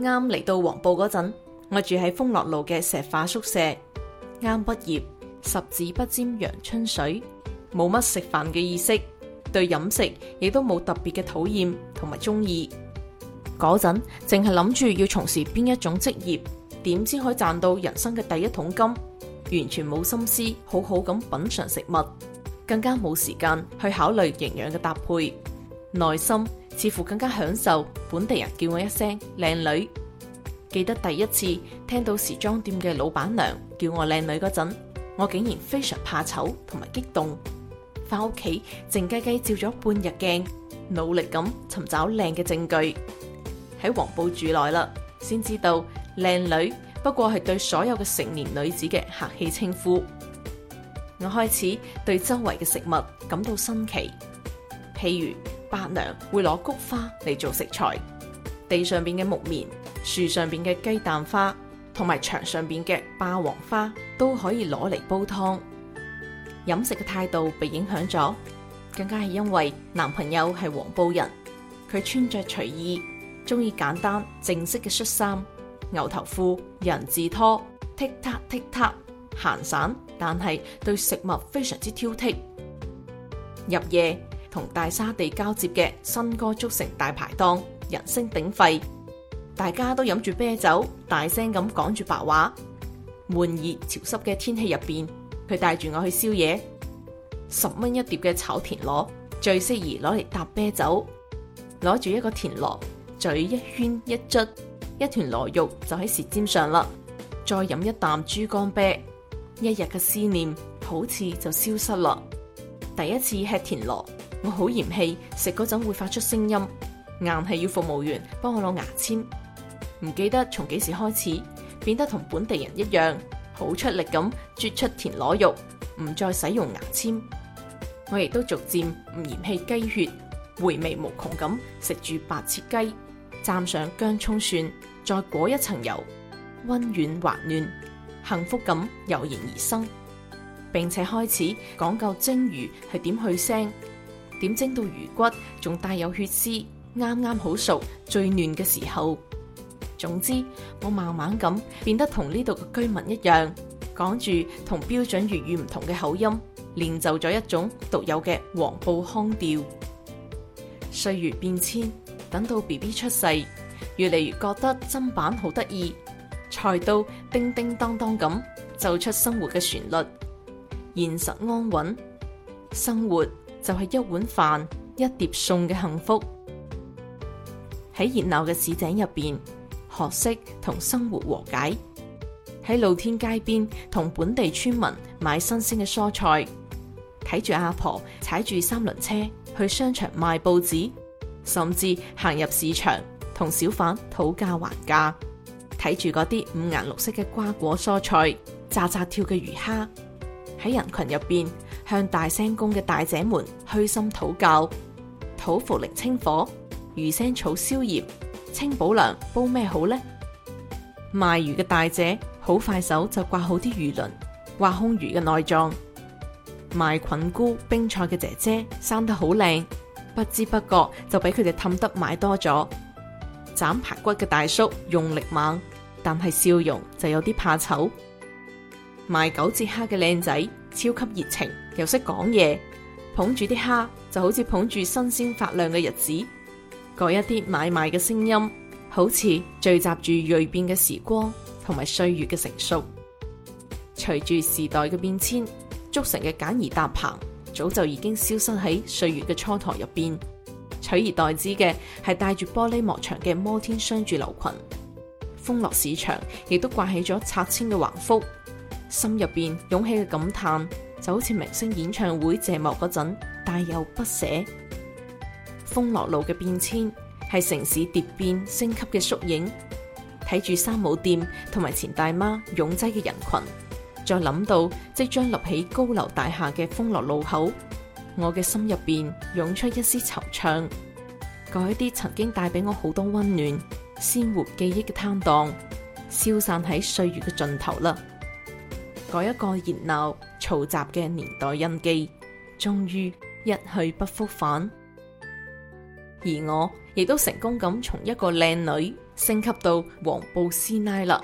啱嚟到黃埔嗰陣，我住喺豐樂路嘅石化宿舍。啱畢業，十指不沾陽春水，冇乜食飯嘅意識，對飲食亦都冇特別嘅討厭同埋中意。嗰陣淨係諗住要從事邊一種職業，點先可以賺到人生嘅第一桶金，完全冇心思好好咁品嘗食物，更加冇時間去考慮營養嘅搭配，內心。似乎更加享受本地人叫我一聲靚女。記得第一次聽到時裝店嘅老闆娘叫我靚女嗰陣，我竟然非常怕醜同埋激動。翻屋企靜雞雞照咗半日鏡，努力咁尋找靚嘅證據。喺黃埔住耐啦，先知道靚女不過係對所有嘅成年女子嘅客氣稱呼。我開始對周圍嘅食物感到新奇，譬如。伯娘會攞菊花嚟做食材，地上邊嘅木棉、樹上邊嘅雞蛋花，同埋牆上邊嘅霸王花都可以攞嚟煲湯。飲食嘅態度被影響咗，更加係因為男朋友係黃埔人，佢穿着隨意，中意簡單、淨色嘅恤衫、牛頭褲、人字拖，踢踢踢踢，踢，閒散，但係對食物非常之挑剔。入夜。同大沙地交接嘅笙歌粥城大排檔，人聲鼎沸，大家都飲住啤酒，大聲咁講住白話。悶熱潮濕嘅天氣入邊，佢帶住我去宵夜，十蚊一碟嘅炒田螺最適宜攞嚟搭啤酒。攞住一個田螺，嘴一圈一吮，一團螺肉就喺舌尖上啦。再飲一啖珠江啤，一日嘅思念好似就消失啦。第一次吃田螺。我好嫌棄，食嗰陣會發出聲音，硬係要服務員幫我攞牙簽。唔記得從幾時開始，變得同本地人一樣，好出力咁啜出田螺肉，唔再使用牙簽。我亦都逐漸唔嫌棄雞血，回味無窮咁食住白切雞，蘸上姜蔥蒜，再裹一層油，温軟滑嫩，幸福感油然而生，並且開始講究蒸魚係點去腥。點蒸到魚骨仲帶有血絲，啱啱好熟，最嫩嘅時候。總之，我慢慢咁變得同呢度嘅居民一樣，講住同標準粵語唔同嘅口音，練就咗一種獨有嘅黃埔腔調。歲月變遷，等到 BB 出世，越嚟越覺得砧板好得意，菜刀叮叮當當咁奏出生活嘅旋律。現實安穩，生活，就係一碗飯、一碟餸嘅幸福，喺熱鬧嘅市井入邊，學識同生活和解，喺露天街邊，同本地村民買新鮮嘅蔬菜，睇住阿婆踩住三輪車去商場賣報紙，甚至行入市場同小販討價還價，睇住嗰啲五顏六色嘅瓜果蔬菜、紮扎跳嘅魚蝦，喺人群入邊，向大聲公嘅大姐們虛心討教，土茯苓清火，魚腥草消炎，清補涼煲咩好呢？賣魚嘅大姐好快手就刮好啲魚鱗，挖空魚嘅內臟。賣菌菇冰菜嘅姐姐生得好靚，不知不覺就俾佢哋氹得買多咗。斬排骨嘅大叔用力猛，但係笑容就有啲怕醜。賣九節蝦嘅靚仔。超級熱情，又識講嘢，捧住啲蝦就好似捧住新鮮發亮嘅日子。嗰一啲買賣嘅聲音，好似聚集住銳變嘅時光，同埋歲月嘅成熟。隨住時代嘅變遷，粥城嘅簡易搭棚早就已經消失喺歲月嘅蹉跎入邊，取而代之嘅係帶住玻璃幕牆嘅摩天商住樓群。豐樂市場亦都掛起咗拆遷嘅橫幅。心入邊湧起嘅感歎，就好似明星演唱會謝幕嗰陣，大有不捨。豐樂路嘅變遷，係城市蝶變升級嘅縮影。睇住山姆店同埋錢大媽擁擠嘅人群，再諗到即將立起高樓大廈嘅豐樂路口，我嘅心入邊湧出一絲惆悵。嗰一啲曾經帶俾我好多溫暖、鮮活記憶嘅攤檔，消散喺歲月嘅盡頭啦。嗰一個熱鬧嘈雜嘅年代印記，終於一去不復返，而我亦都成功咁從一個靚女升級到黃埔師奶啦。